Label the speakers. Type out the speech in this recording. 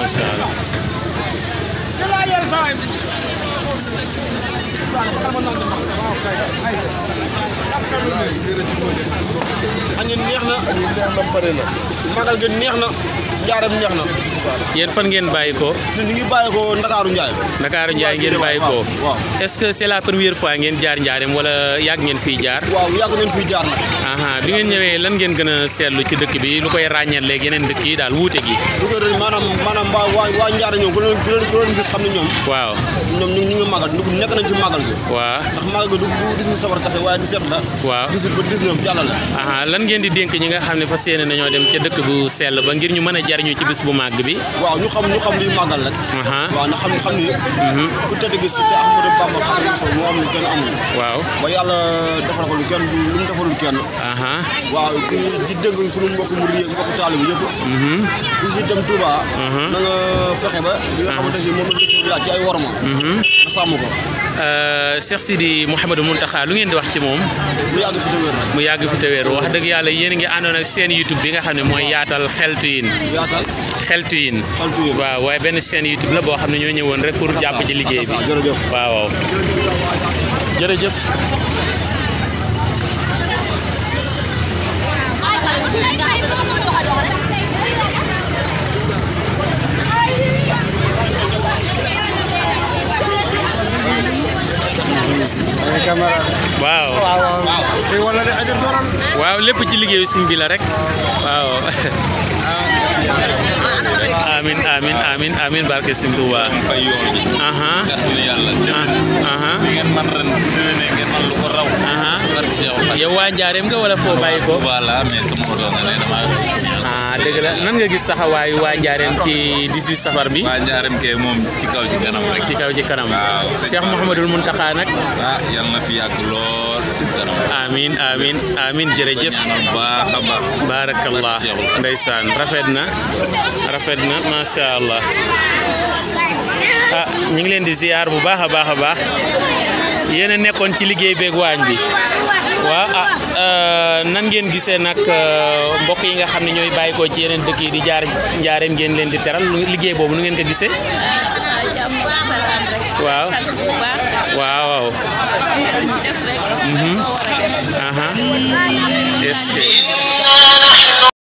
Speaker 1: macha allah.
Speaker 2: a
Speaker 1: añu neex na magal gi neex na njaaram neex na yéen fan ngeen bàyyi ko ñun ñu ngi bàyyi ko Ndakaaru Njaay Ndakaaru Njaay ngeen bàyyi ko est-ce que c'est la première fois ngeen jaar njaareem wala yàgg ngeen fiy jaar waaw yàgg ngeen fii jaar na aha bi ngeen ñëwee lan ngeen gën a seetlu ci dëkk bi lu koy ràññeel léegi yeneen dëkk yi daal wuute gi lu
Speaker 2: koy rëñ maanaam maanaam waa waa ñoom ku leen ku leen ku xam ne ñoom waaw ñoom ñu ngi magal nekk ñu sabar kase 17 la. waaw 18 ba 19 jàll
Speaker 1: lan ngeen di dénk ñi nga xam ne fa yéene nañoo dem ca dëkk bu sell ba ngir ñu mën a jariñu ci bis bu màgg bi. waaw
Speaker 2: ñu xam ñu xam liy màggal rek. waaw na xam ni. gi su ci xam ne mosul moo am lu kenn amul. waaw ba yàlla defal ko lu kenn lu mu defalul kenn. waaw di di dégg suñu mbokku murid yi mbokku taalib yëpp. Mhm. ku dem Touba. Mhm. na fexe ba li nga xamante ne moom sariya ci ay worma. Mhm. na sàmm
Speaker 1: euh, lu ngeen di wax ci moom. mu yàgg fi te wér. wax dëgg yàlla yéen ngi àndoon seen YouTube bi nga xam ne mooy yaatal xeltu yin. xeltu yin. waaw waaye benn seen YouTube la boo xam ne ñoo ñëwoon rek pour jàpp ci liggéey bi. jërëjëf waaw jërëjëf. ay waaw lépp ci liggéeyu sëñ la rek amin amin amin amin barke sëñ fay yoon bi aha yow waa njaareem nga wala foo ko voilà mais sama oto nga ne dama dëgg la nan nga gis taxawaayu waa Njaareem ci 18 safar bi. waa Njaareem kay moom ci kaw ci kanam rek. ci kaw ci kanam. waaw Cheikh Mouhamadul Mountakha nag. ah yal na fi yàgg lool ci kanam. amiin amiin amiin jërëjëf. baax a baax. baarakallah ndeysaan rafet na rafet na macha allah ah ñu ngi leen di ziar bu baax a baax a baax. yeneen nekkoon ci liggéey beeg waañ bi waaw ah euh, nan ngeen gisee nag euh, mbokk yi nga xam ne ñooy bàyyi ko ci yeneen dëkk yi di jaar njaareem ngeen leen di teral liggéey boobu nu ngeen ko gisee. waaw waaw waaw. Mhm. est